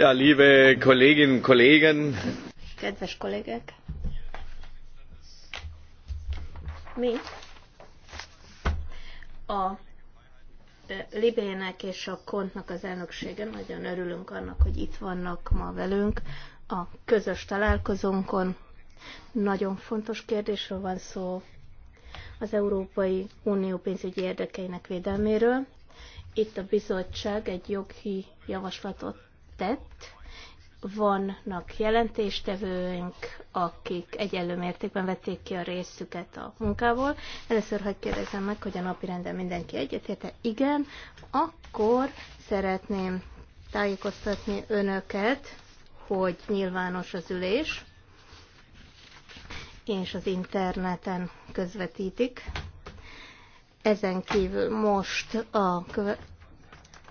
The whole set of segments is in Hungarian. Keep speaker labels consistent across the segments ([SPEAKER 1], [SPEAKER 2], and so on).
[SPEAKER 1] Ja, liebe Kolleginnen und Kollegen. Kedves kollégek. Mi a e, Libének és a Kontnak az elnöksége nagyon örülünk annak, hogy itt vannak ma velünk a közös találkozónkon. Nagyon fontos kérdésről van szó, az Európai Unió pénzügyi érdekeinek védelméről. Itt a bizottság egy jogi javaslatot tett. Vannak jelentéstevőink, akik egyenlő mértékben vették ki a részüket a munkából. Először, hogy kérdezem meg, hogy a napi renden mindenki egyetérte. Igen, akkor szeretném tájékoztatni önöket, hogy nyilvános az ülés, és az interneten közvetítik. Ezen kívül most a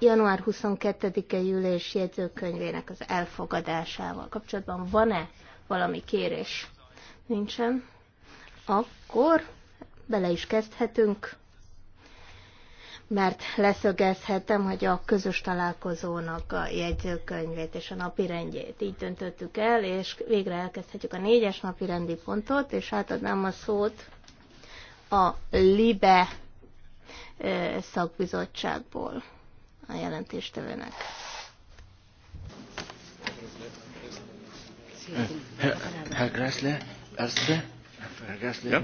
[SPEAKER 1] január 22-e ülés jegyzőkönyvének az elfogadásával kapcsolatban van-e valami kérés? Nincsen. Akkor bele is kezdhetünk, mert leszögezhetem, hogy a közös találkozónak a jegyzőkönyvét és a napi rendjét így döntöttük el, és végre elkezdhetjük a négyes napi rendi pontot, és átadnám a szót a LIBE szakbizottságból a jelentéstevőnek.
[SPEAKER 2] Herr, Herr erste? Herr Gressle? Ja.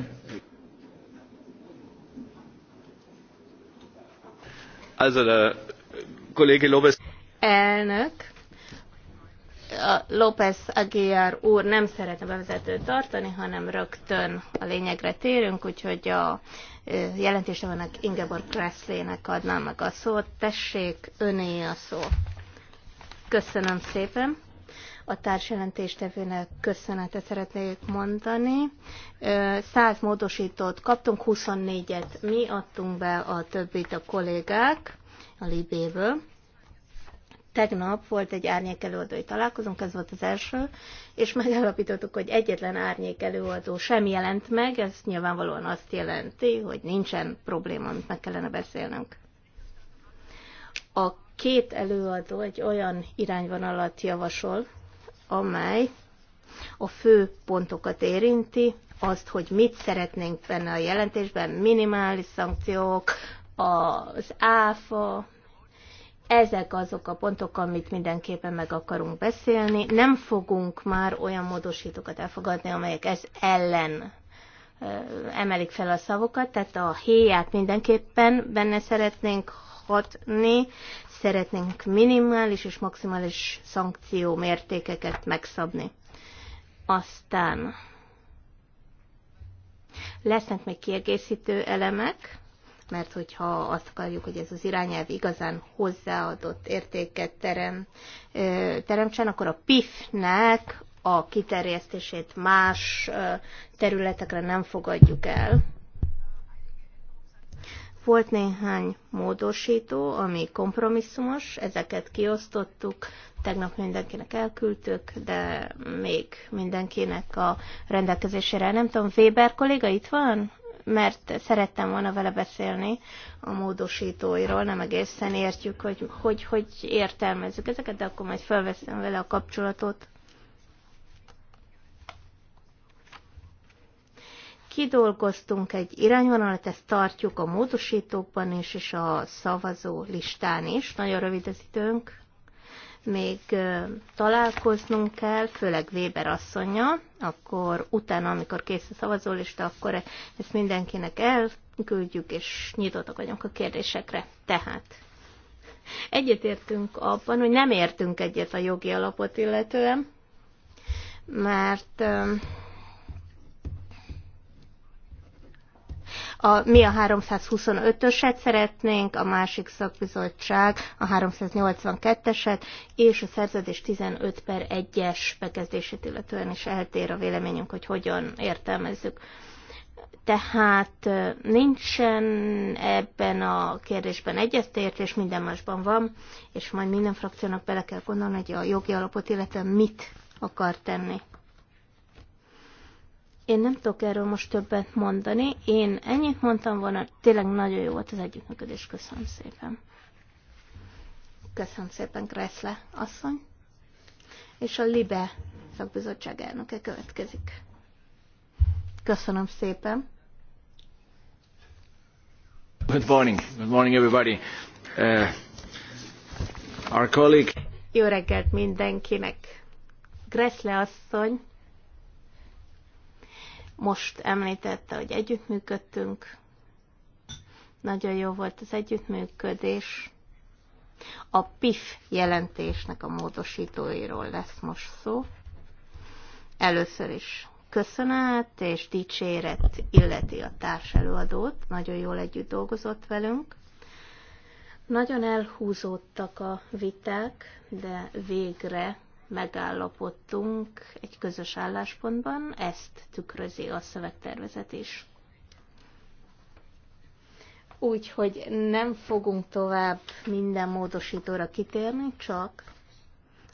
[SPEAKER 2] Also, der Kollege Lobes.
[SPEAKER 1] Elnök, López Aguilar úr nem szeretne bevezetőt tartani, hanem rögtön a lényegre térünk, úgyhogy a jelentésre vannak Ingeborg Kresslének adnám meg a szót. Tessék, öné a szó. Köszönöm szépen. A társjelentéstevőnek köszönetet szeretnék mondani. Száz módosítót kaptunk, 24-et mi adtunk be, a többit a kollégák a Libéből tegnap volt egy árnyék előadói találkozónk, ez volt az első, és megállapítottuk, hogy egyetlen árnyék előadó sem jelent meg, ez nyilvánvalóan azt jelenti, hogy nincsen probléma, amit meg kellene beszélnünk. A két előadó egy olyan irányvonalat javasol, amely a fő pontokat érinti, azt, hogy mit szeretnénk benne a jelentésben, minimális szankciók, az áfa, ezek azok a pontok, amit mindenképpen meg akarunk beszélni. Nem fogunk már olyan módosítókat elfogadni, amelyek ez ellen emelik fel a szavokat, tehát a héját mindenképpen benne szeretnénk hatni, szeretnénk minimális és maximális szankció mértékeket megszabni. Aztán lesznek még kiegészítő elemek, mert hogyha azt akarjuk, hogy ez az irányelv igazán hozzáadott értéket terem, teremtsen, akkor a PIF-nek a kiterjesztését más területekre nem fogadjuk el. Volt néhány módosító, ami kompromisszumos, ezeket kiosztottuk, tegnap mindenkinek elküldtük, de még mindenkinek a rendelkezésére nem tudom, Weber kolléga itt van? mert szerettem volna vele beszélni a módosítóiról, nem egészen értjük, hogy hogy, hogy értelmezzük ezeket, de akkor majd felveszem vele a kapcsolatot. Kidolgoztunk egy irányvonalat, ezt tartjuk a módosítókban is, és a szavazó listán is. Nagyon rövid az időnk még találkoznunk kell, főleg Weber asszonya, akkor utána, amikor kész a szavazólista, akkor ezt mindenkinek elküldjük, és nyitottak vagyunk a kérdésekre. Tehát egyetértünk abban, hogy nem értünk egyet a jogi alapot illetően, mert a, mi a 325-öset szeretnénk, a másik szakbizottság a 382-eset, és a szerződés 15 per 1-es bekezdését illetően is eltér a véleményünk, hogy hogyan értelmezzük. Tehát nincsen ebben a kérdésben és minden másban van, és majd minden frakciónak bele kell gondolni, hogy a jogi alapot illetve mit akar tenni. Én nem tudok erről most többet mondani. Én ennyit mondtam volna, tényleg nagyon jó volt az együttműködés. Köszönöm szépen. Köszönöm szépen, Kreszle asszony. És a LIBE szakbizottság elnöke következik. Köszönöm szépen. Good morning. Good morning, everybody. Uh, our colleague... Jó reggelt mindenkinek. Gressle asszony most említette, hogy együttműködtünk, nagyon jó volt az együttműködés. A PIF jelentésnek a módosítóiról lesz most szó. Először is köszönet és dicséret illeti a társelőadót, nagyon jól együtt dolgozott velünk. Nagyon elhúzódtak a viták, de végre megállapodtunk egy közös álláspontban, ezt tükrözi a szövegtervezet is. Úgyhogy nem fogunk tovább minden módosítóra kitérni, csak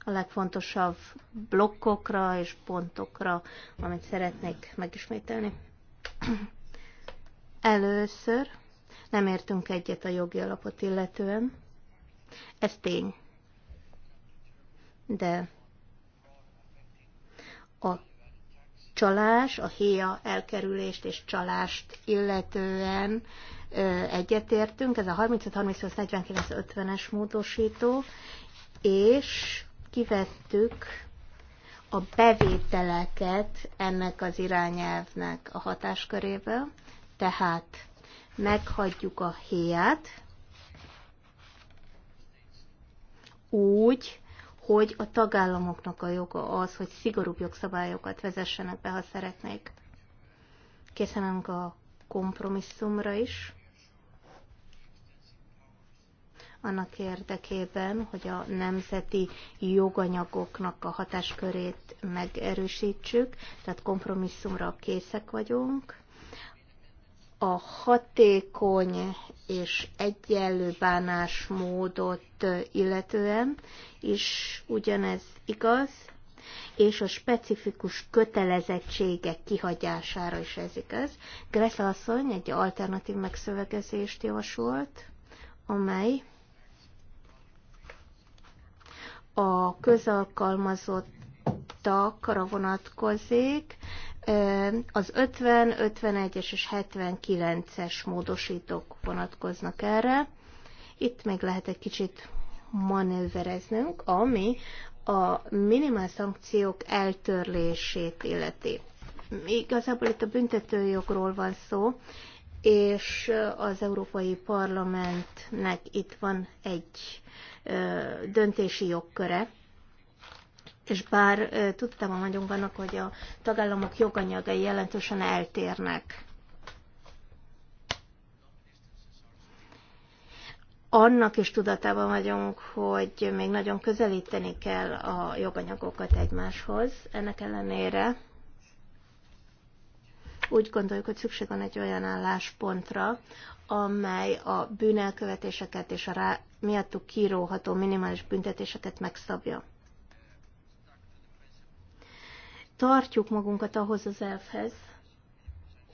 [SPEAKER 1] a legfontosabb blokkokra és pontokra, amit szeretnék megismételni. Először nem értünk egyet a jogi alapot illetően. Ez tény. De csalás, a héja elkerülést és csalást illetően egyetértünk, ez a 35 38 49 50-es módosító, és kivettük a bevételeket ennek az irányelvnek a hatásköréből, tehát meghagyjuk a héját úgy, hogy a tagállamoknak a joga az, hogy szigorúbb jogszabályokat vezessenek be, ha szeretnék. Készen a kompromisszumra is, annak érdekében, hogy a nemzeti joganyagoknak a hatáskörét megerősítsük, tehát kompromisszumra készek vagyunk, a hatékony és egyenlő bánásmódot illetően is ugyanez igaz, és a specifikus kötelezettségek kihagyására is ez igaz. Greta asszony egy alternatív megszövegezést javasolt, amely a közalkalmazottakra vonatkozik, az 50, 51-es és 79-es módosítók vonatkoznak erre. Itt még lehet egy kicsit manővereznünk, ami a minimál szankciók eltörlését illeti. Igazából itt a büntetőjogról van szó, és az Európai Parlamentnek itt van egy döntési jogköre, és bár tudtam vagyunk annak, hogy a tagállamok joganyagai jelentősen eltérnek. Annak is tudatában vagyunk, hogy még nagyon közelíteni kell a joganyagokat egymáshoz. Ennek ellenére úgy gondoljuk, hogy szükség van egy olyan álláspontra, amely a bűnelkövetéseket és a rá, miattuk kíróható minimális büntetéseket megszabja. tartjuk magunkat ahhoz az elfhez,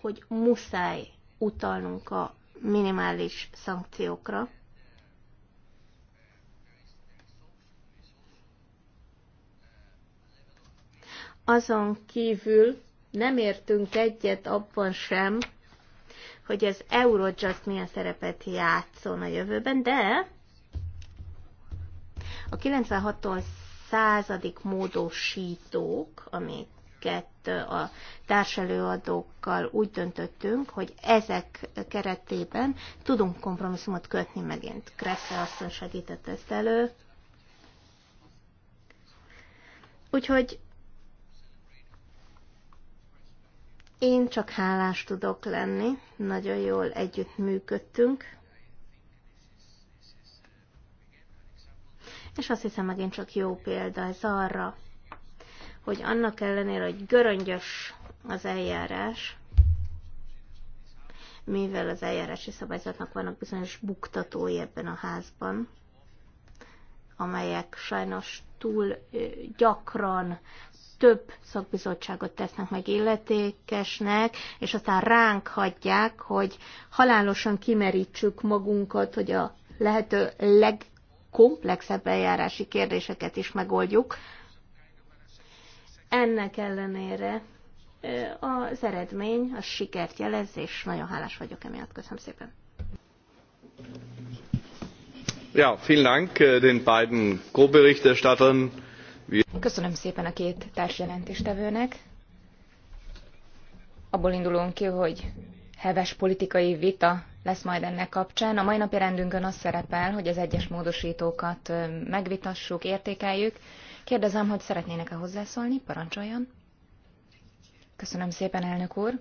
[SPEAKER 1] hogy muszáj utalnunk a minimális szankciókra. Azon kívül nem értünk egyet abban sem, hogy az Eurojust milyen szerepet játszon a jövőben, de a 96-tól századik módosítók, amik amiket a társelőadókkal úgy döntöttünk, hogy ezek keretében tudunk kompromisszumot kötni megint. Kressze asszony segített ezt elő. Úgyhogy én csak hálás tudok lenni, nagyon jól együtt működtünk. És azt hiszem megint csak jó példa ez arra, hogy annak ellenére, hogy göröngyös az eljárás, mivel az eljárási szabályzatnak vannak bizonyos buktatói ebben a házban, amelyek sajnos túl gyakran több szakbizottságot tesznek meg illetékesnek, és aztán ránk hagyják, hogy halálosan kimerítsük magunkat, hogy a lehető legkomplexebb eljárási kérdéseket is megoldjuk, ennek ellenére az eredmény, a sikert jelez, és nagyon hálás vagyok emiatt. Köszönöm szépen. Ja, vielen Dank äh, den beiden Co-Berichterstattern. Köszönöm
[SPEAKER 3] szépen a két társjelentéstevőnek. Abból indulunk ki, hogy heves politikai vita lesz majd ennek kapcsán. A mai napi rendünkön az szerepel, hogy az egyes módosítókat megvitassuk, értékeljük, Kérdezem, hogy szeretnének-e hozzászólni? Parancsoljon. Köszönöm szépen, elnök úr.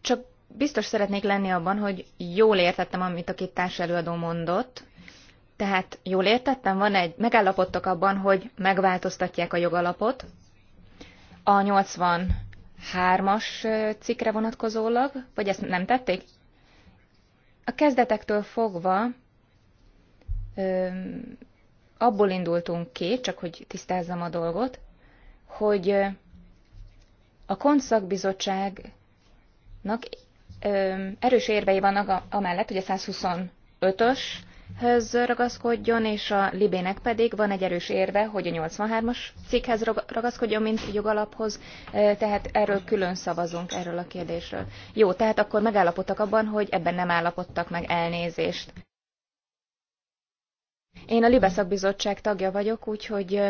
[SPEAKER 3] Csak biztos szeretnék lenni abban, hogy jól értettem, amit a két társelőadó mondott. Tehát jól értettem, van egy, megállapodtak abban, hogy megváltoztatják a jogalapot. A 83-as cikkre vonatkozólag, vagy ezt nem tették? A kezdetektől fogva abból indultunk ki, csak hogy tisztázzam a dolgot, hogy a konszakbizottságnak erős érvei vannak amellett, hogy a 125-öshöz ragaszkodjon, és a Libének pedig van egy erős érve, hogy a 83-as cikkhez ragaszkodjon, mint jogalaphoz, tehát erről külön szavazunk, erről a kérdésről. Jó, tehát akkor megállapodtak abban, hogy ebben nem állapodtak meg elnézést. Én a Libe szakbizottság tagja vagyok, úgyhogy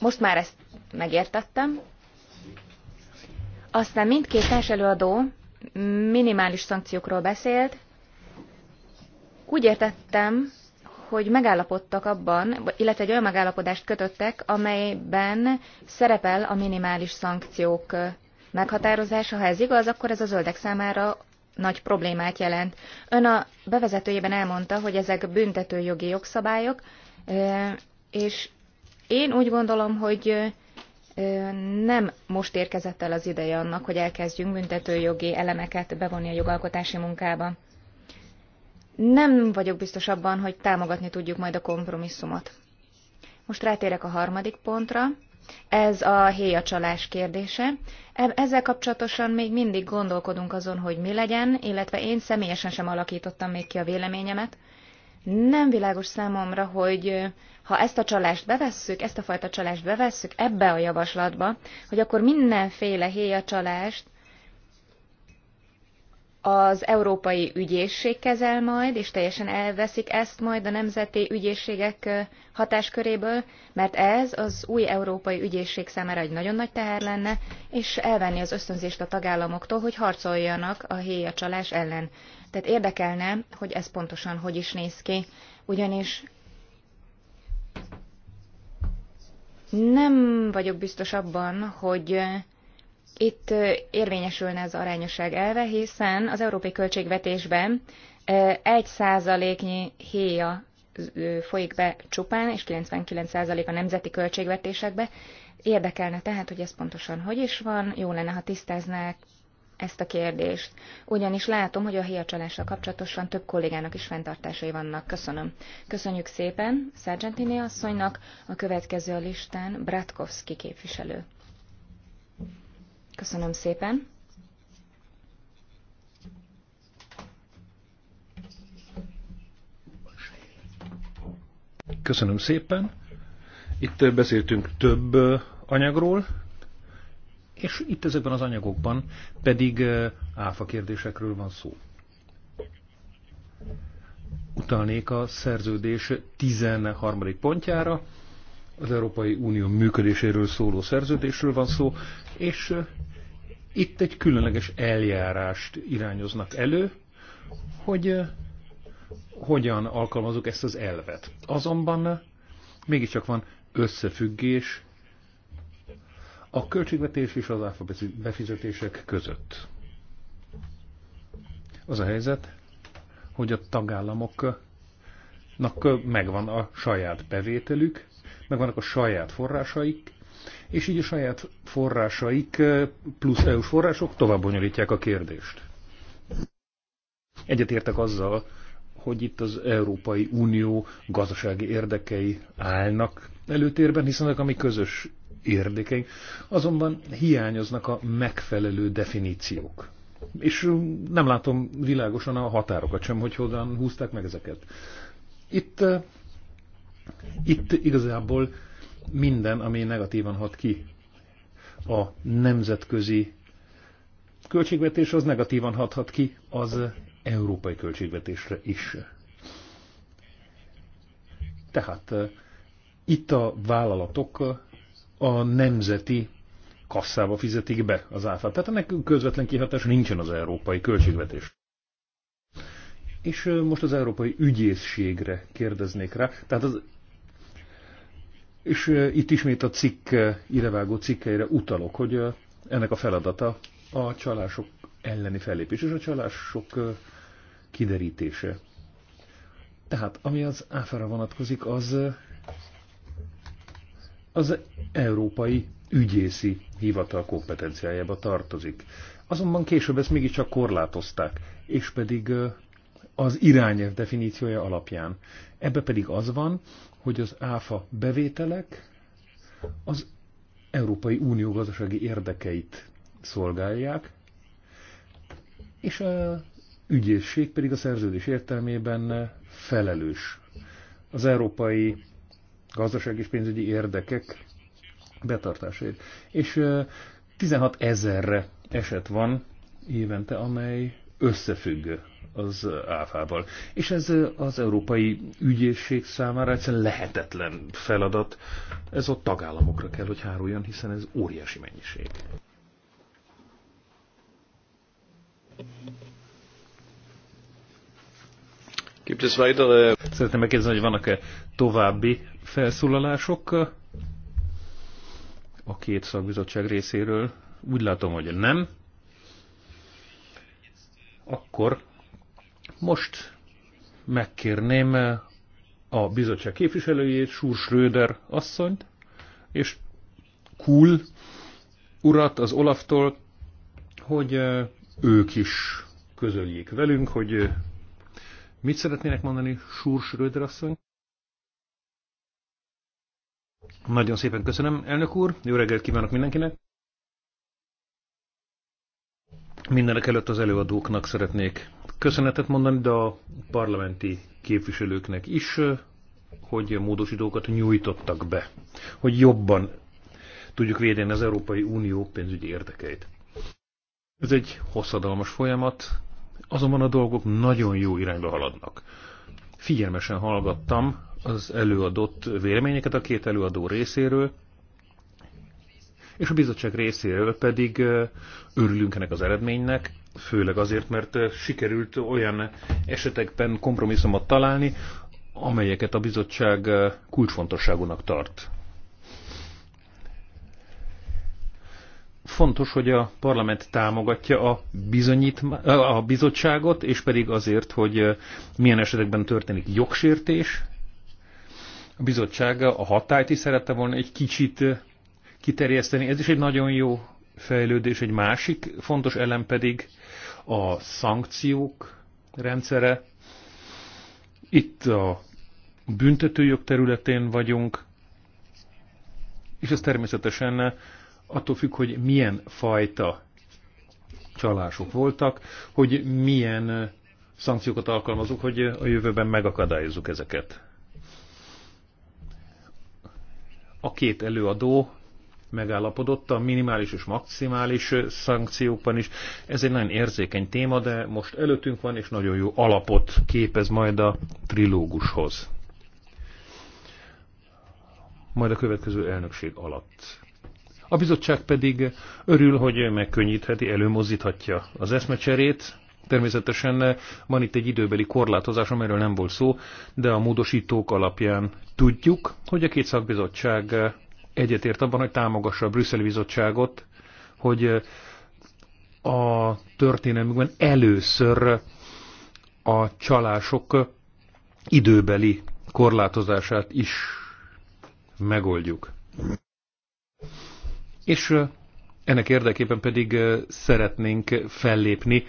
[SPEAKER 3] most már ezt megértettem. Aztán mindkét előadó minimális szankciókról beszélt. Úgy értettem, hogy megállapodtak abban, illetve egy olyan megállapodást kötöttek, amelyben szerepel a minimális szankciók meghatározása. Ha ez igaz, akkor ez a zöldek számára nagy problémát jelent. Ön a bevezetőjében elmondta, hogy ezek büntetőjogi jogszabályok, és én úgy gondolom, hogy nem most érkezett el az ideje annak, hogy elkezdjünk büntetőjogi elemeket bevonni a jogalkotási munkába. Nem vagyok biztos abban, hogy támogatni tudjuk majd a kompromisszumot. Most rátérek a harmadik pontra, ez a héjacsalás kérdése. Ezzel kapcsolatosan még mindig gondolkodunk azon, hogy mi legyen, illetve én személyesen sem alakítottam még ki a véleményemet. Nem világos számomra, hogy ha ezt a csalást bevesszük, ezt a fajta csalást bevesszük ebbe a javaslatba, hogy akkor mindenféle héjacsalást az Európai Ügyészség kezel majd, és teljesen elveszik ezt majd a nemzeti ügyészségek hatásköréből, mert ez az új Európai Ügyészség számára egy nagyon nagy teher lenne, és elvenni az ösztönzést a tagállamoktól, hogy harcoljanak a csalás ellen. Tehát érdekelne, hogy ez pontosan hogy is néz ki, ugyanis nem vagyok biztos abban, hogy itt érvényesülne az arányosság elve, hiszen az európai költségvetésben egy százaléknyi héja folyik be csupán, és 99% a nemzeti költségvetésekbe. Érdekelne tehát, hogy ez pontosan hogy is van, jó lenne, ha tisztáznák ezt a kérdést. Ugyanis látom, hogy a héjacsalással kapcsolatosan több kollégának is fenntartásai vannak. Köszönöm. Köszönjük szépen Sargentini asszonynak, a következő a listán Bratkovski képviselő. Köszönöm szépen.
[SPEAKER 2] Köszönöm szépen. Itt beszéltünk több anyagról, és itt ezekben az anyagokban pedig áfa kérdésekről van szó. Utalnék a szerződés 13. pontjára, az Európai Unió működéséről szóló szerződésről van szó, és itt egy különleges eljárást irányoznak elő, hogy hogyan alkalmazunk ezt az elvet. Azonban mégiscsak van összefüggés a költségvetés és az áfa befizetések között. Az a helyzet, hogy a tagállamoknak megvan a saját bevételük, megvannak a saját forrásaik, és így a saját forrásaik plusz EU-s források tovább bonyolítják a kérdést. Egyetértek azzal, hogy itt az Európai Unió gazdasági érdekei állnak előtérben, hiszen ezek a mi közös érdekeink, azonban hiányoznak a megfelelő definíciók. És nem látom világosan a határokat sem, hogy hogyan húzták meg ezeket. Itt, itt igazából minden, ami negatívan hat ki a nemzetközi költségvetés, az negatívan hathat ki az európai költségvetésre is. Tehát eh, itt a vállalatok a nemzeti kasszába fizetik be az áfát. Tehát ennek közvetlen kihatás nincsen az európai költségvetés. És eh, most az európai ügyészségre kérdeznék rá. Tehát az és itt ismét a cikk, idevágó cikkeire utalok, hogy ennek a feladata a csalások elleni fellépés és a csalások kiderítése. Tehát, ami az áfára vonatkozik, az az Európai Ügyészi Hivatal kompetenciájába tartozik. Azonban később ezt mégiscsak korlátozták, és pedig az irányelv definíciója alapján. Ebbe pedig az van, hogy az áfa bevételek az Európai Unió gazdasági érdekeit szolgálják, és a ügyészség pedig a szerződés értelmében felelős. Az európai gazdasági és pénzügyi érdekek betartásért És 16 ezerre eset van évente, amely összefügg az áfával. És ez az Európai Ügyészség számára egyszerűen lehetetlen feladat. Ez ott tagállamokra kell, hogy háruljon, hiszen ez óriási mennyiség. Szeretném megkérdezni, hogy vannak-e további felszólalások a két szakbizottság részéről. Úgy látom, hogy nem. Akkor most megkérném a bizottság képviselőjét, Súr Schröder asszonyt, és Kul urat az Olaftól, hogy ők is közöljék velünk, hogy mit szeretnének mondani Súr Schröder asszony. Nagyon szépen köszönöm, elnök úr. Jó reggelt kívánok mindenkinek. Mindenek előtt az előadóknak szeretnék köszönetet mondani, de a parlamenti képviselőknek is, hogy módosítókat nyújtottak be, hogy jobban tudjuk védeni az Európai Unió pénzügyi érdekeit. Ez egy hosszadalmas folyamat, azonban a dolgok nagyon jó irányba haladnak. Figyelmesen hallgattam az előadott véleményeket a két előadó részéről, és a bizottság részéről pedig örülünk ennek az eredménynek, főleg azért, mert sikerült olyan esetekben kompromisszumot találni, amelyeket a bizottság kulcsfontosságúnak tart. Fontos, hogy a parlament támogatja a, a bizottságot, és pedig azért, hogy milyen esetekben történik jogsértés. A bizottság a hatályt is szerette volna egy kicsit kiterjeszteni. Ez is egy nagyon jó fejlődés. Egy másik fontos elem pedig a szankciók rendszere. Itt a büntetőjog területén vagyunk, és ez természetesen attól függ, hogy milyen fajta csalások voltak, hogy milyen szankciókat alkalmazunk, hogy a jövőben megakadályozzuk ezeket. A két előadó megállapodott a minimális és maximális szankciókban is. Ez egy nagyon érzékeny téma, de most előttünk van, és nagyon jó alapot képez majd a trilógushoz. Majd a következő elnökség alatt. A bizottság pedig örül, hogy megkönnyítheti, előmozdíthatja az eszmecserét. Természetesen van itt egy időbeli korlátozás, amiről nem volt szó, de a módosítók alapján tudjuk, hogy a két szakbizottság egyetért abban, hogy támogassa a brüsszeli bizottságot, hogy a történelmükben először a csalások időbeli korlátozását is megoldjuk. És ennek érdekében pedig szeretnénk fellépni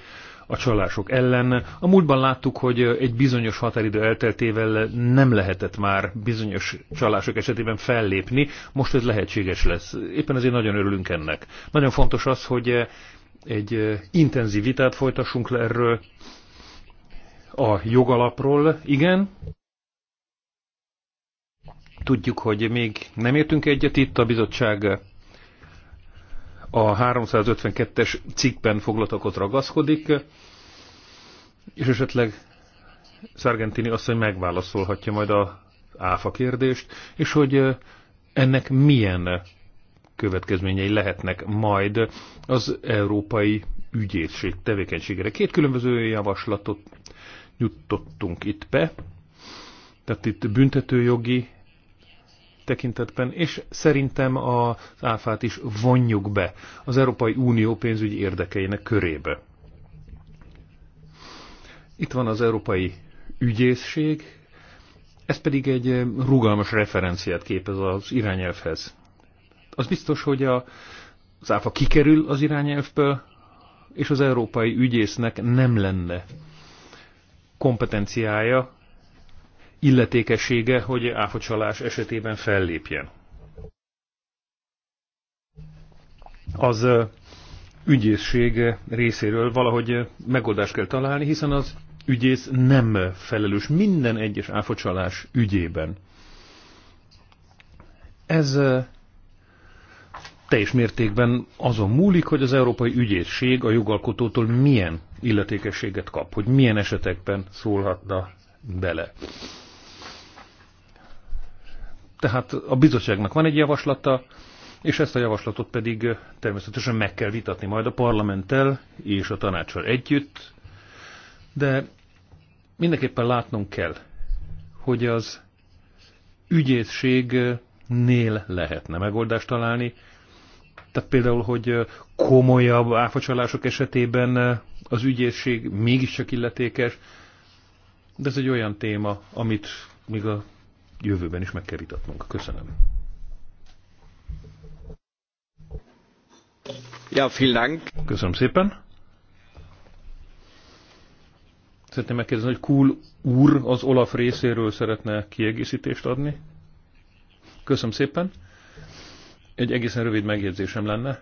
[SPEAKER 2] a csalások ellen. A múltban láttuk, hogy egy bizonyos határidő elteltével nem lehetett már bizonyos csalások esetében fellépni, most ez lehetséges lesz. Éppen ezért nagyon örülünk ennek. Nagyon fontos az, hogy egy intenzív vitát folytassunk le erről a jogalapról, igen. Tudjuk, hogy még nem értünk egyet itt, a bizottság a 352-es cikkben foglaltakot ragaszkodik, és esetleg Sargentini hogy megválaszolhatja majd a áfa kérdést, és hogy ennek milyen következményei lehetnek majd az európai ügyészség tevékenységére. Két különböző javaslatot nyújtottunk itt be, tehát itt büntetőjogi tekintetben, és szerintem az áfát is vonjuk be az Európai Unió pénzügyi érdekeinek körébe. Itt van az Európai Ügyészség, ez pedig egy rugalmas referenciát képez az irányelvhez. Az biztos, hogy a, az áfa kikerül az irányelvből, és az európai ügyésznek nem lenne kompetenciája illetékessége, hogy áfacsalás esetében fellépjen. Az ügyészség részéről valahogy megoldást kell találni, hiszen az ügyész nem felelős minden egyes áfacsalás ügyében. Ez teljes mértékben azon múlik, hogy az Európai Ügyészség a jogalkotótól milyen illetékességet kap, hogy milyen esetekben szólhatna bele. Tehát a bizottságnak van egy javaslata, és ezt a javaslatot pedig természetesen meg kell vitatni majd a parlamenttel és a tanácssal együtt, de mindenképpen látnunk kell, hogy az ügyészségnél lehetne megoldást találni, tehát például, hogy komolyabb áfacsalások esetében az ügyészség mégiscsak illetékes, de ez egy olyan téma, amit még a jövőben is meg kell vitatnunk. Köszönöm.
[SPEAKER 1] Ja, vielen Dank.
[SPEAKER 2] Köszönöm szépen. Szeretném megkérdezni, hogy Kul úr az Olaf részéről szeretne kiegészítést adni? Köszönöm szépen. Egy egészen rövid megjegyzésem lenne.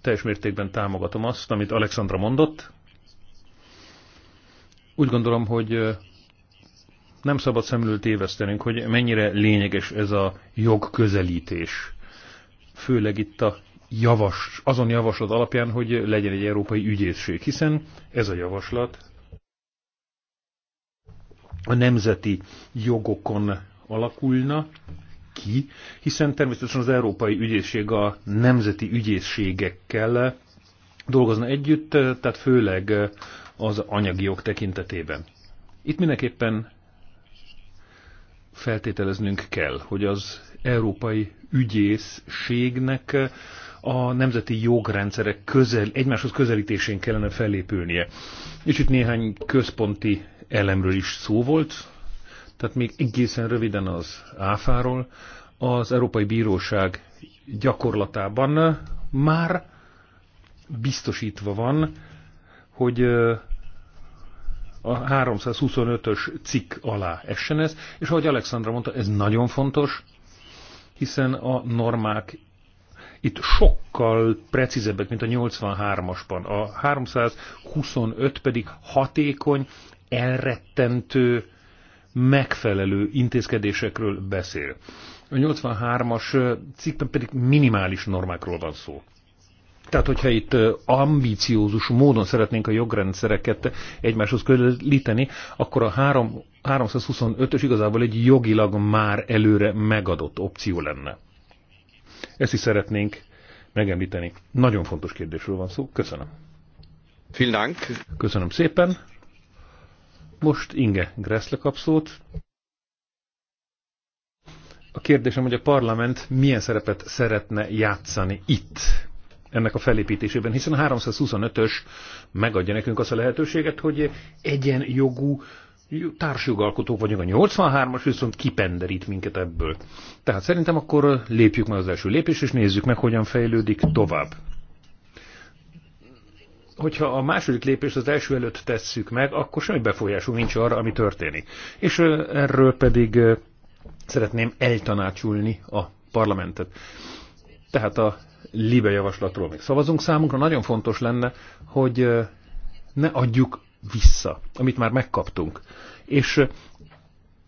[SPEAKER 2] Teljes mértékben támogatom azt, amit Alexandra mondott. Úgy gondolom, hogy nem szabad szemlől tévesztenünk, hogy mennyire lényeges ez a jogközelítés. Főleg itt a javas, azon javaslat alapján, hogy legyen egy európai ügyészség, hiszen ez a javaslat a nemzeti jogokon alakulna ki, hiszen természetesen az európai ügyészség a nemzeti ügyészségekkel dolgozna együtt, tehát főleg az anyagi jog tekintetében. Itt mindenképpen feltételeznünk kell, hogy az európai ügyészségnek a nemzeti jogrendszerek közel, egymáshoz közelítésén kellene fellépülnie. És itt néhány központi elemről is szó volt, tehát még egészen röviden az áfáról. Az Európai Bíróság gyakorlatában már biztosítva van, hogy a 325-ös cikk alá essen ez, és ahogy Alexandra mondta, ez nagyon fontos, hiszen a normák itt sokkal precízebbek, mint a 83-asban. A 325 pedig hatékony, elrettentő, megfelelő intézkedésekről beszél. A 83-as cikkben pedig minimális normákról van szó. Tehát, hogyha itt ambíciózus módon szeretnénk a jogrendszereket egymáshoz közelíteni, akkor a 3, 325-ös igazából egy jogilag már előre megadott opció lenne. Ezt is szeretnénk megemlíteni. Nagyon fontos kérdésről van szó. Köszönöm. Vielen Köszönöm szépen. Most Inge Gressle kap szót. A kérdésem, hogy a parlament milyen szerepet szeretne játszani itt, ennek a felépítésében, hiszen a 325-ös megadja nekünk azt a lehetőséget, hogy egyenjogú társjogalkotó vagyunk, a 83-as viszont kipenderít minket ebből. Tehát szerintem akkor lépjük meg az első lépést, és nézzük meg, hogyan fejlődik tovább. Hogyha a második lépést az első előtt tesszük meg, akkor semmi befolyásunk nincs arra, ami történik. És erről pedig szeretném eltanácsulni a parlamentet. Tehát a Libe javaslatról még szavazunk. Számunkra nagyon fontos lenne, hogy ne adjuk vissza, amit már megkaptunk. És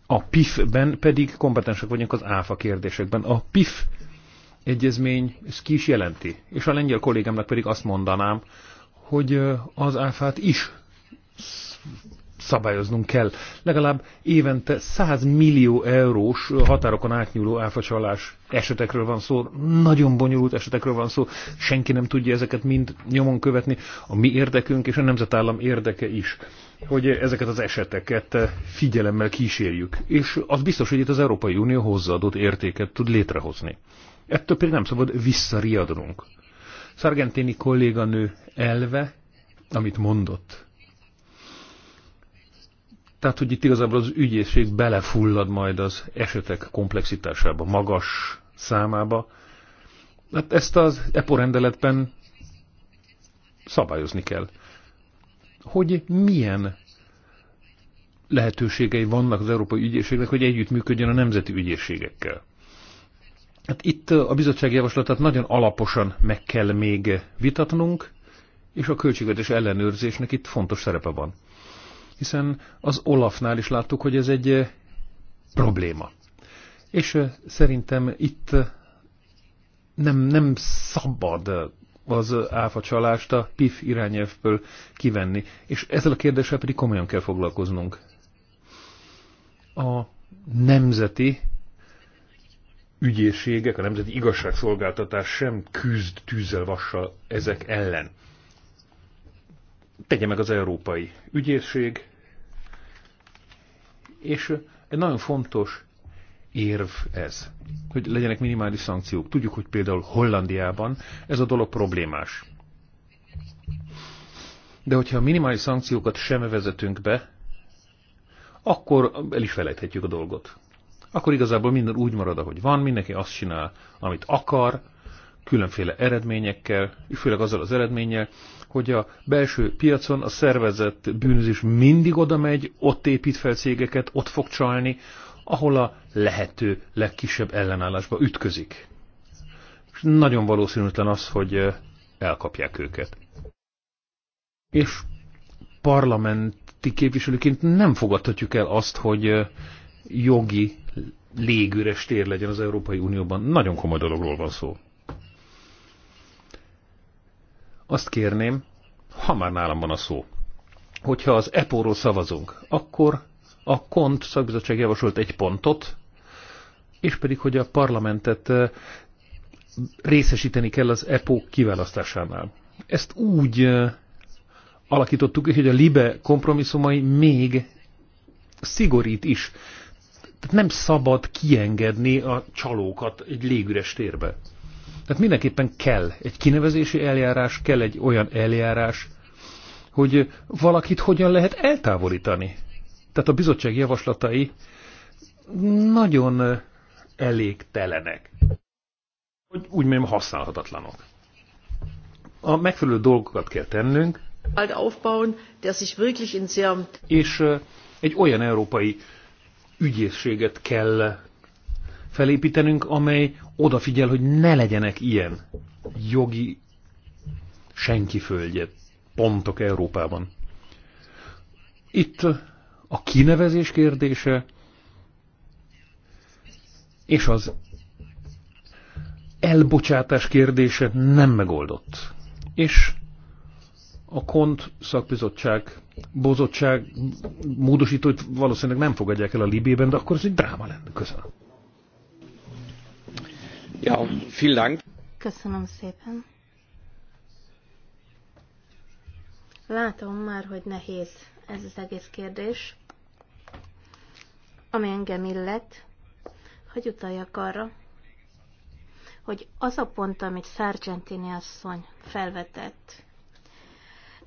[SPEAKER 2] a PIF-ben pedig kompetensek vagyunk az ÁFA kérdésekben. A PIF egyezmény ezt ki is jelenti. És a lengyel kollégámnak pedig azt mondanám, hogy az ÁFA-t is szabályoznunk kell. Legalább évente 100 millió eurós határokon átnyúló áfacsalás esetekről van szó, nagyon bonyolult esetekről van szó, senki nem tudja ezeket mind nyomon követni. A mi érdekünk és a nemzetállam érdeke is, hogy ezeket az eseteket figyelemmel kísérjük. És az biztos, hogy itt az Európai Unió hozzáadott értéket tud létrehozni. Ettől pedig nem szabad visszariadnunk. Szargentini kolléganő elve, amit mondott, tehát, hogy itt igazából az ügyészség belefullad majd az esetek komplexitásába, magas számába. Hát ezt az EPO rendeletben szabályozni kell. Hogy milyen lehetőségei vannak az Európai Ügyészségnek, hogy együttműködjön a nemzeti ügyészségekkel. Hát itt a bizottság javaslatát nagyon alaposan meg kell még vitatnunk, és a költségvetés ellenőrzésnek itt fontos szerepe van hiszen az Olafnál is láttuk, hogy ez egy eh, probléma. És eh, szerintem itt eh, nem, nem szabad az áfacsalást a PIF irányelvből kivenni. És ezzel a kérdéssel pedig komolyan kell foglalkoznunk. A nemzeti ügyészségek, a nemzeti igazságszolgáltatás sem küzd tűzzel vassal ezek ellen tegye meg az Európai Ügyészség, és egy nagyon fontos érv ez, hogy legyenek minimális szankciók. Tudjuk, hogy például Hollandiában ez a dolog problémás. De hogyha a minimális szankciókat sem vezetünk be, akkor el is felejthetjük a dolgot. Akkor igazából minden úgy marad, ahogy van, mindenki azt csinál, amit akar, különféle eredményekkel, és főleg azzal az eredménnyel, hogy a belső piacon a szervezett bűnözés mindig oda megy, ott épít fel cégeket, ott fog csalni, ahol a lehető legkisebb ellenállásba ütközik. És nagyon valószínűtlen az, hogy elkapják őket. És parlamenti képviselőként nem fogadhatjuk el azt, hogy jogi légüres tér legyen az Európai Unióban. Nagyon komoly dologról van szó. Azt kérném, ha már nálam van a szó, hogyha az EPO-ról szavazunk, akkor a KONT szakbizottság javasolt egy pontot, és pedig, hogy a parlamentet részesíteni kell az EPO kiválasztásánál. Ezt úgy alakítottuk, hogy a LIBE kompromisszumai még szigorít is. Tehát nem szabad kiengedni a csalókat egy légüres térbe. Tehát mindenképpen kell egy kinevezési eljárás, kell egy olyan eljárás, hogy valakit hogyan lehet eltávolítani. Tehát a bizottság javaslatai nagyon elégtelenek. Hogy úgy mondjam, használhatatlanok. A megfelelő dolgokat kell tennünk. És egy olyan európai ügyészséget kell felépítenünk, amely odafigyel, hogy ne legyenek ilyen jogi senki földje pontok Európában. Itt a kinevezés kérdése és az elbocsátás kérdése nem megoldott. És a KONT szakbizottság, bozottság módosítót valószínűleg nem fogadják el a Libében, de akkor ez egy dráma lenne. Köszönöm.
[SPEAKER 1] Ja, vielen Dank. Köszönöm szépen. Látom már, hogy nehéz ez az egész kérdés, ami engem illet, hogy utaljak arra, hogy az a pont, amit Sargentini asszony felvetett,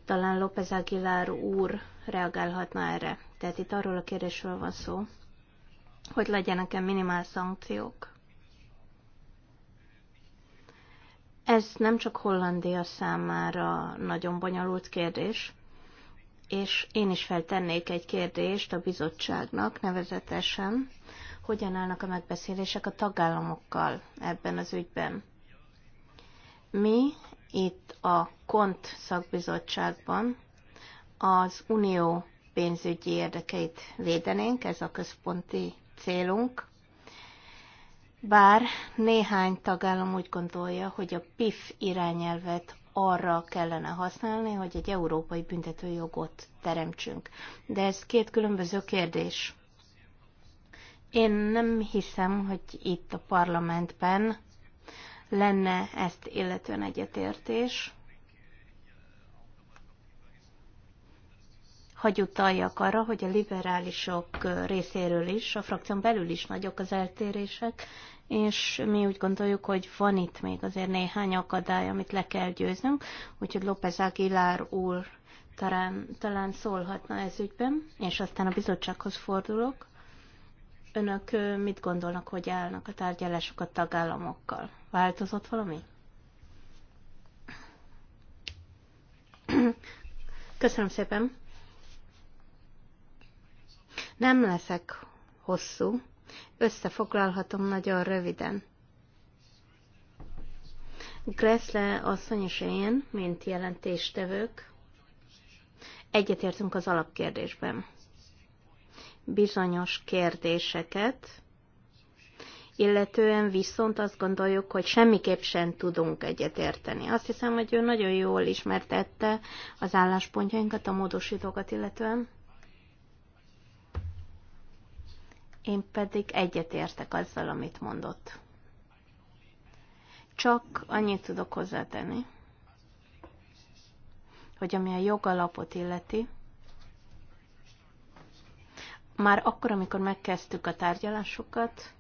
[SPEAKER 1] talán López Aguilar úr reagálhatna erre. Tehát itt arról a kérdésről van szó, hogy legyenek-e minimál szankciók. Ez nem csak Hollandia számára nagyon bonyolult kérdés, és én is feltennék egy kérdést a bizottságnak nevezetesen, hogyan állnak a megbeszélések a tagállamokkal ebben az ügyben. Mi itt a KONT szakbizottságban az unió pénzügyi érdekeit védenénk, ez a központi célunk, bár néhány tagállam úgy gondolja, hogy a PIF irányelvet arra kellene használni, hogy egy európai büntetőjogot teremtsünk. De ez két különböző kérdés. Én nem hiszem, hogy itt a parlamentben lenne ezt illetően egyetértés, hagy utaljak arra, hogy a liberálisok részéről is, a frakción belül is nagyok az eltérések, és mi úgy gondoljuk, hogy van itt még azért néhány akadály, amit le kell győznünk, úgyhogy López Aguilar úr talán, talán szólhatna ez ügyben, és aztán a bizottsághoz fordulok. Önök mit gondolnak, hogy állnak a tárgyalások a tagállamokkal? Változott valami? Köszönöm szépen! Nem leszek hosszú, összefoglalhatom nagyon röviden. Gressle asszony és én, mint jelentéstevők, egyetértünk az alapkérdésben. Bizonyos kérdéseket, illetően viszont azt gondoljuk, hogy semmiképp sem tudunk egyetérteni. Azt hiszem, hogy ő nagyon jól ismertette az álláspontjainkat, a módosítókat illetően. Én pedig egyetértek azzal, amit mondott. Csak annyit tudok hozzátenni, hogy ami a jogalapot illeti, már akkor, amikor megkezdtük a tárgyalásokat,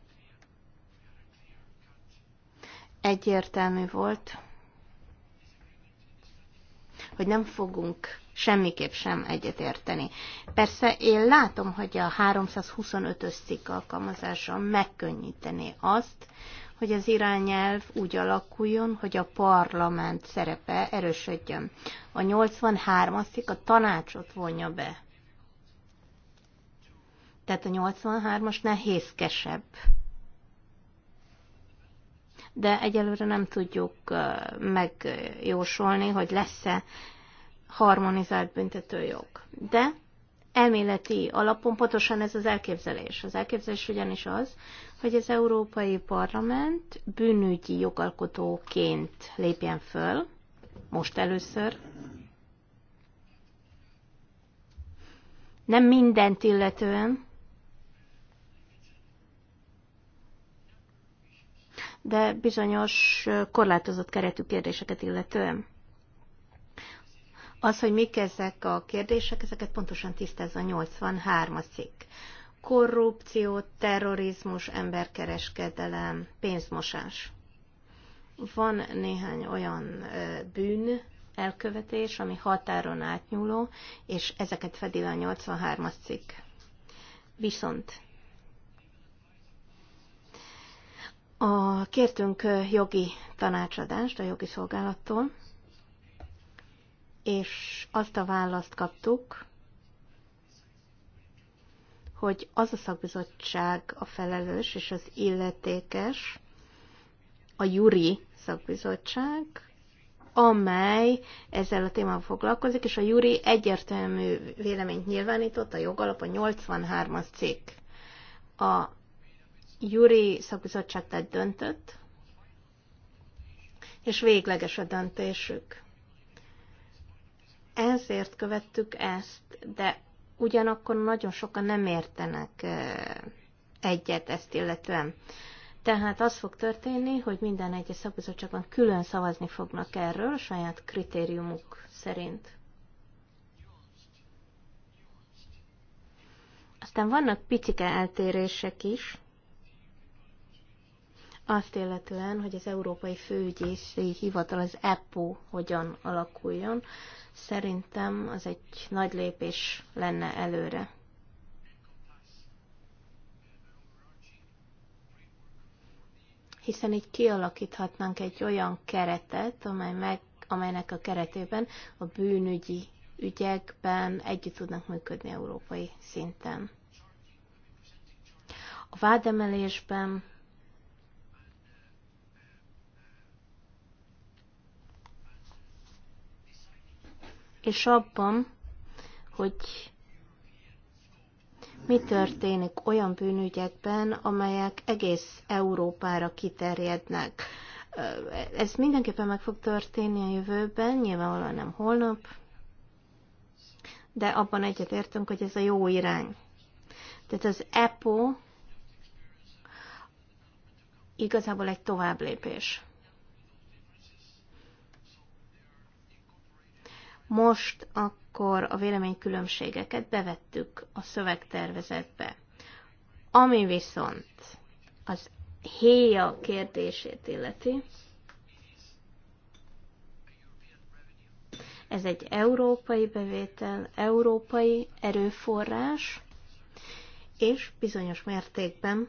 [SPEAKER 1] egyértelmű volt, hogy nem fogunk semmiképp sem egyetérteni. Persze én látom, hogy a 325-ös cikk alkalmazása megkönnyítené azt, hogy az irányelv úgy alakuljon, hogy a parlament szerepe erősödjön. A 83-as cikk a tanácsot vonja be. Tehát a 83-as nehézkesebb. De egyelőre nem tudjuk megjósolni, hogy lesz-e harmonizált büntetőjog. De elméleti alapon pontosan ez az elképzelés. Az elképzelés ugyanis az, hogy az Európai Parlament bűnügyi jogalkotóként lépjen föl, most először. Nem mindent illetően, de bizonyos korlátozott keretű kérdéseket illetően. Az, hogy mik ezek a kérdések, ezeket pontosan tisztáz a 83-as cikk. Korrupció, terrorizmus, emberkereskedelem, pénzmosás. Van néhány olyan bűn, elkövetés, ami határon átnyúló, és ezeket fedi a 83-as cikk. Viszont a, kértünk jogi tanácsadást a jogi szolgálattól, és azt a választ kaptuk, hogy az a szakbizottság a felelős és az illetékes, a Juri szakbizottság, amely ezzel a témával foglalkozik, és a Juri egyértelmű véleményt nyilvánított, a jogalap a 83-as cikk. A Juri szakbizottság tehát döntött, és végleges a döntésük ezért követtük ezt, de ugyanakkor nagyon sokan nem értenek egyet ezt illetően. Tehát az fog történni, hogy minden egyes szabadságban külön szavazni fognak erről a saját kritériumuk szerint. Aztán vannak picike eltérések is, azt illetően, hogy az Európai Főügyészi Hivatal, az EPO hogyan alakuljon. Szerintem az egy nagy lépés lenne előre. hiszen így kialakíthatnánk egy olyan keretet, amely meg, amelynek a keretében a bűnügyi ügyekben együtt tudnak működni európai szinten. A vádemelésben és abban, hogy mi történik olyan bűnügyekben, amelyek egész Európára kiterjednek. Ez mindenképpen meg fog történni a jövőben, nyilvánvalóan nem holnap, de abban egyetértünk, hogy ez a jó irány. Tehát az EPO igazából egy tovább lépés. Most akkor a véleménykülönbségeket bevettük a szövegtervezetbe. Ami viszont az héja kérdését illeti, ez egy európai bevétel, európai erőforrás, és bizonyos mértékben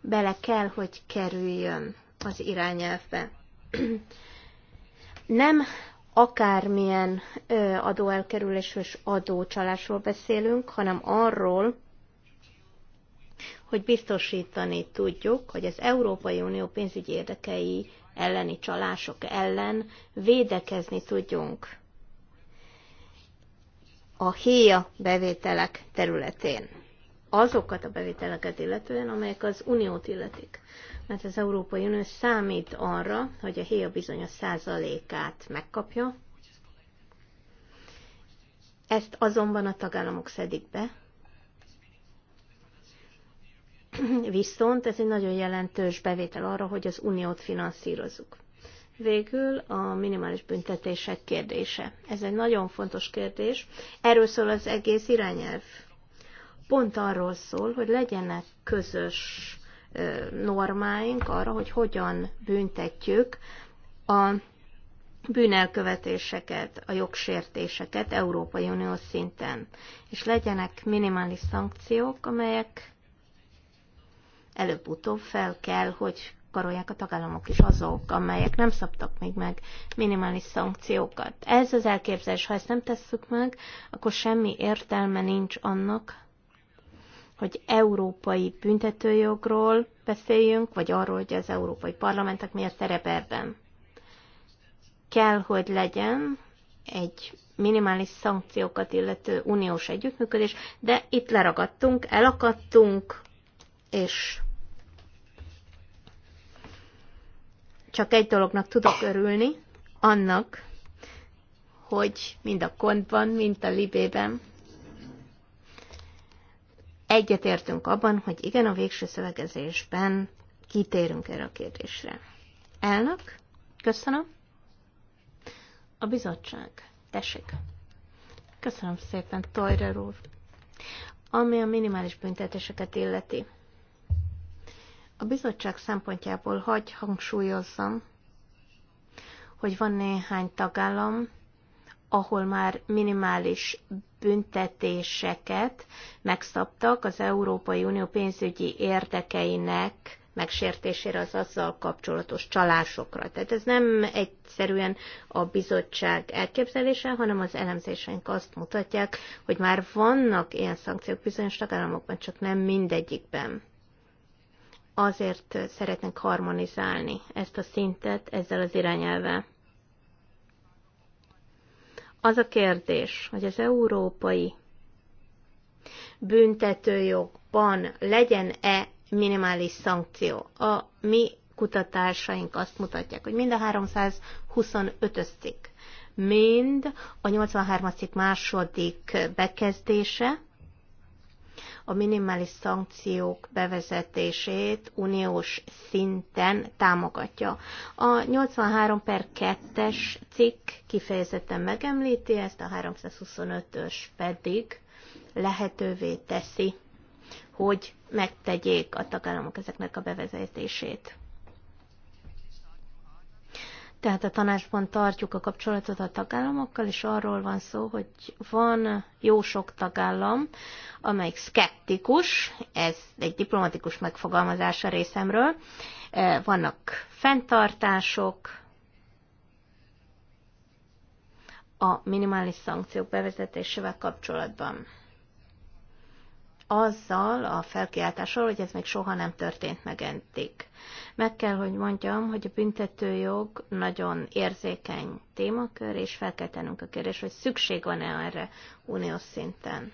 [SPEAKER 1] bele kell, hogy kerüljön az irányelvbe nem akármilyen adóelkerülésről és adócsalásról beszélünk, hanem arról, hogy biztosítani tudjuk, hogy az Európai Unió pénzügyi érdekei elleni csalások ellen védekezni tudjunk a héja bevételek területén. Azokat a bevételeket illetően, amelyek az uniót illetik mert az Európai Unió számít arra, hogy a héja bizonyos százalékát megkapja. Ezt azonban a tagállamok szedik be. Viszont ez egy nagyon jelentős bevétel arra, hogy az uniót finanszírozzuk. Végül a minimális büntetések kérdése. Ez egy nagyon fontos kérdés. Erről szól az egész irányelv. Pont arról szól, hogy legyenek közös normáink arra, hogy hogyan büntetjük a bűnelkövetéseket, a jogsértéseket Európai Unió szinten. És legyenek minimális szankciók, amelyek előbb-utóbb fel kell, hogy karolják a tagállamok is azok, amelyek nem szabtak még meg minimális szankciókat. Ez az elképzelés, ha ezt nem tesszük meg, akkor semmi értelme nincs annak, hogy európai büntetőjogról beszéljünk, vagy arról, hogy az európai parlamentek mi a szerepe ebben. Kell, hogy legyen egy minimális szankciókat illető uniós együttműködés, de itt leragadtunk, elakadtunk, és csak egy dolognak tudok örülni, annak, hogy mind a kontban, mind a libében egyetértünk abban, hogy igen, a végső szövegezésben kitérünk erre a kérdésre. Elnök, köszönöm. A bizottság, tessék. Köszönöm szépen, Toyrer úr. Ami a minimális büntetéseket illeti. A bizottság szempontjából hagy hangsúlyozzam, hogy van néhány tagállam, ahol már minimális büntetéseket megszabtak az Európai Unió pénzügyi érdekeinek megsértésére az azzal kapcsolatos csalásokra. Tehát ez nem egyszerűen a bizottság elképzelése, hanem az elemzéseink azt mutatják, hogy már vannak ilyen szankciók bizonyos tagállamokban, csak nem mindegyikben. Azért szeretnénk harmonizálni ezt a szintet ezzel az irányelvel. Az a kérdés, hogy az európai büntetőjogban legyen-e minimális szankció. A mi kutatásaink azt mutatják, hogy mind a 325-ös cikk, mind a 83-as cikk második bekezdése, a minimális szankciók bevezetését uniós szinten támogatja. A 83 per 2-es cikk kifejezetten megemlíti ezt, a 325-ös pedig lehetővé teszi, hogy megtegyék a tagállamok ezeknek a bevezetését tehát a tanácsban tartjuk a kapcsolatot a tagállamokkal, és arról van szó, hogy van jó sok tagállam, amelyik szkeptikus, ez egy diplomatikus megfogalmazása részemről, eh, vannak fenntartások, a minimális szankciók bevezetésével kapcsolatban azzal a felkiáltással, hogy ez még soha nem történt meg eddig. Meg kell, hogy mondjam, hogy a büntetőjog nagyon érzékeny témakör, és fel kell tennünk a kérdés, hogy szükség van-e erre uniós szinten.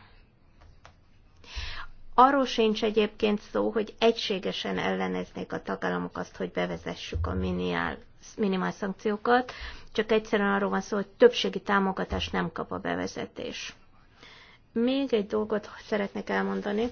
[SPEAKER 1] Arról sincs egyébként szó, hogy egységesen elleneznék a tagállamok azt, hogy bevezessük a minimál, minimál szankciókat, csak egyszerűen arról van szó, hogy többségi támogatást nem kap a bevezetés. Még egy dolgot szeretnék elmondani.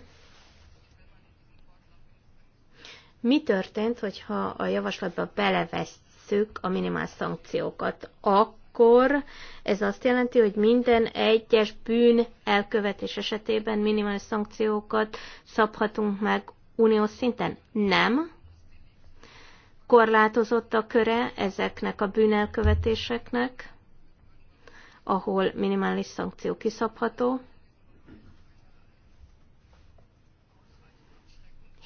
[SPEAKER 1] Mi történt, hogyha a javaslatba belevesszük a minimál szankciókat? Akkor ez azt jelenti, hogy minden egyes bűn elkövetés esetében minimális szankciókat szabhatunk meg uniós szinten? Nem. Korlátozott a köre ezeknek a bűnelkövetéseknek, ahol minimális szankció kiszabható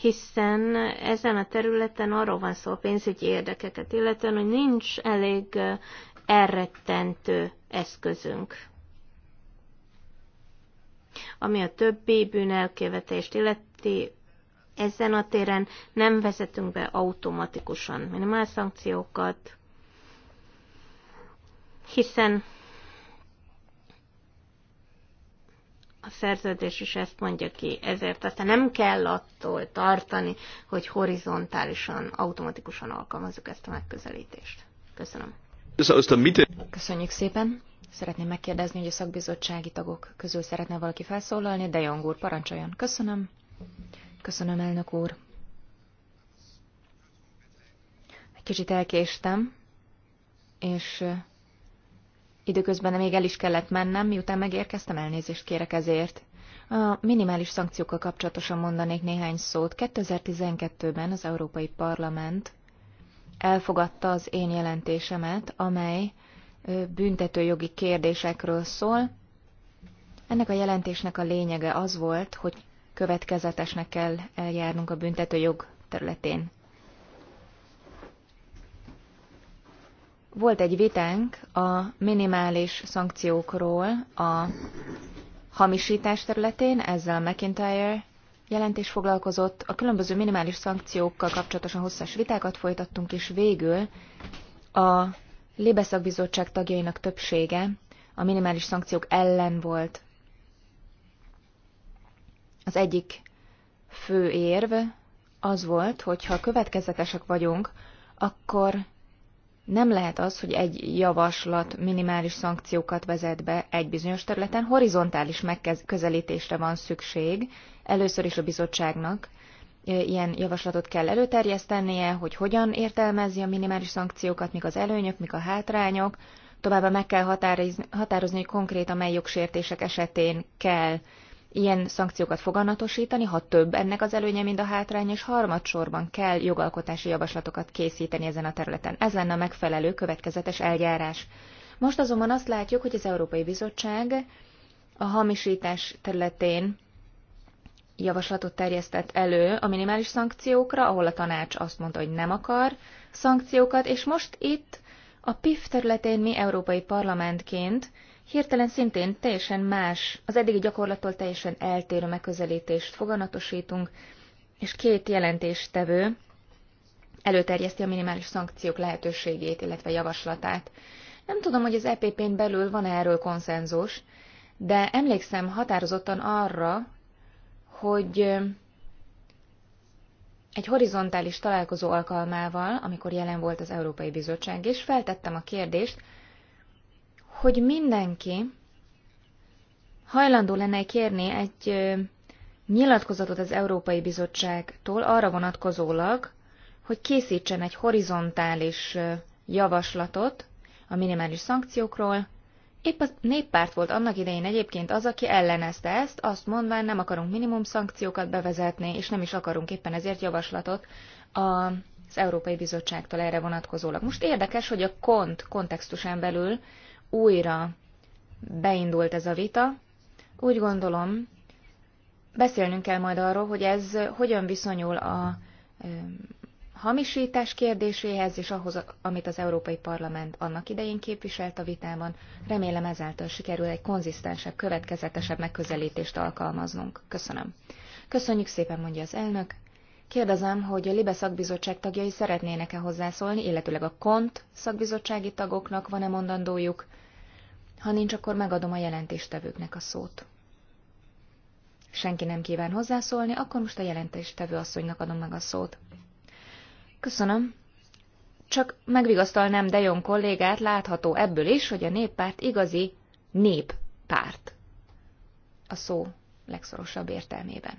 [SPEAKER 1] hiszen ezen a területen arról van szó a pénzügyi érdekeket, illetően, hogy nincs elég elrettentő eszközünk. Ami a többi bűnelkövetést illeti, ezen a téren nem vezetünk be automatikusan minimál szankciókat, hiszen a szerződés is ezt mondja ki, ezért aztán nem kell attól tartani, hogy horizontálisan, automatikusan alkalmazzuk ezt a megközelítést. Köszönöm.
[SPEAKER 3] Köszönjük szépen. Szeretném megkérdezni, hogy a szakbizottsági tagok közül szeretne valaki felszólalni, de Jong úr, parancsoljon. Köszönöm. Köszönöm, elnök úr. Egy kicsit elkéstem, és Időközben még el is kellett mennem, miután megérkeztem, elnézést kérek ezért. A minimális szankciókkal kapcsolatosan mondanék néhány szót. 2012-ben az Európai Parlament elfogadta az én jelentésemet, amely büntetőjogi kérdésekről szól. Ennek a jelentésnek a lényege az volt, hogy következetesnek kell eljárnunk a büntetőjog területén. Volt egy vitánk a minimális szankciókról a hamisítás területén, ezzel McIntyre jelentés foglalkozott, a különböző minimális szankciókkal kapcsolatosan hosszas vitákat folytattunk, és végül a Lébeszakbizottság tagjainak többsége a minimális szankciók ellen volt. Az egyik fő érv az volt, hogy ha következetesek vagyunk, akkor nem lehet az, hogy egy javaslat minimális szankciókat vezet be egy bizonyos területen, horizontális megközelítésre van szükség, először is a bizottságnak, ilyen javaslatot kell előterjesztenie, hogy hogyan értelmezi a minimális szankciókat, mik az előnyök, mik a hátrányok. Továbbá meg kell határozni, hogy konkrétan mely jogsértések esetén kell ilyen szankciókat foganatosítani, ha több ennek az előnye, mint a hátrány, és harmadsorban kell jogalkotási javaslatokat készíteni ezen a területen. Ez lenne a megfelelő következetes eljárás. Most azonban azt látjuk, hogy az Európai Bizottság a hamisítás területén javaslatot terjesztett elő a minimális szankciókra, ahol a tanács azt mondta, hogy nem akar szankciókat, és most itt a PIF területén mi Európai Parlamentként Hirtelen szintén teljesen más, az eddigi gyakorlattól teljesen eltérő megközelítést foganatosítunk, és két jelentéstevő előterjeszti a minimális szankciók lehetőségét, illetve javaslatát. Nem tudom, hogy az EPP-n belül van -e erről konszenzus, de emlékszem határozottan arra, hogy egy horizontális találkozó alkalmával, amikor jelen volt az Európai Bizottság, és feltettem a kérdést, hogy mindenki hajlandó lenne kérni egy nyilatkozatot az Európai Bizottságtól arra vonatkozólag, hogy készítsen egy horizontális javaslatot a minimális szankciókról. Épp a néppárt volt annak idején egyébként az, aki ellenezte ezt, azt mondván nem akarunk minimum szankciókat bevezetni, és nem is akarunk éppen ezért javaslatot az Európai Bizottságtól erre vonatkozólag. Most érdekes, hogy a kont kontextusán belül újra beindult ez a vita, úgy gondolom, beszélnünk kell majd arról, hogy ez hogyan viszonyul a hamisítás kérdéséhez és ahhoz, amit az Európai Parlament annak idején képviselt a vitában. Remélem ezáltal sikerül egy konzisztensebb, következetesebb megközelítést alkalmaznunk. Köszönöm. Köszönjük szépen, mondja az elnök. Kérdezem, hogy a Libe szakbizottság tagjai szeretnének-e hozzászólni, illetőleg a KONT szakbizottsági tagoknak van-e mondandójuk. Ha nincs, akkor megadom a jelentéstevőknek a szót. Senki nem kíván hozzászólni, akkor most a jelentéstevő asszonynak adom meg a szót. Köszönöm. Csak megvigasztalnám Dejon kollégát, látható ebből is, hogy a néppárt igazi néppárt. A szó legszorosabb értelmében.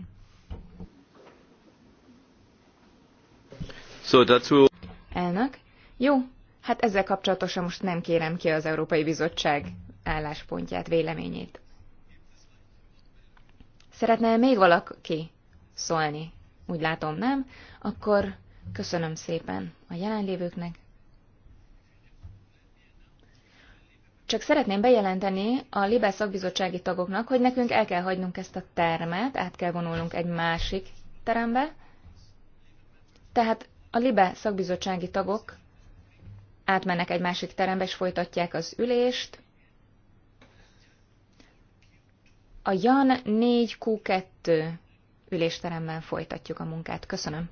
[SPEAKER 1] So, dazu...
[SPEAKER 3] Elnök? Jó, hát ezzel kapcsolatosan most nem kérem ki az Európai Bizottság álláspontját, véleményét. Szeretne még valaki szólni? Úgy látom, nem? Akkor köszönöm szépen a jelenlévőknek. Csak szeretném bejelenteni a Libe szakbizottsági tagoknak, hogy nekünk el kell hagynunk ezt a termet, át kell vonulnunk egy másik terembe. Tehát a Libe szakbizottsági tagok átmennek egy másik terembe, és folytatják az ülést. A Jan 4Q2 ülésteremben folytatjuk a munkát. Köszönöm.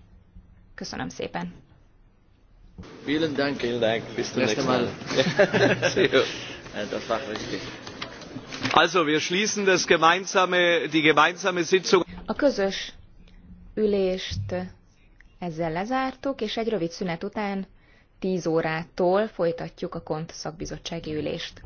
[SPEAKER 3] Köszönöm szépen.
[SPEAKER 1] Vielen Dank, vielen Dank. Bis zum nächsten Mal. das war richtig. Also, wir schließen das gemeinsame, die gemeinsame Sitzung.
[SPEAKER 3] A közös ülést ezzel lezártuk, és egy rövid szünet után 10 órától folytatjuk a KONT szakbizottsági ülést.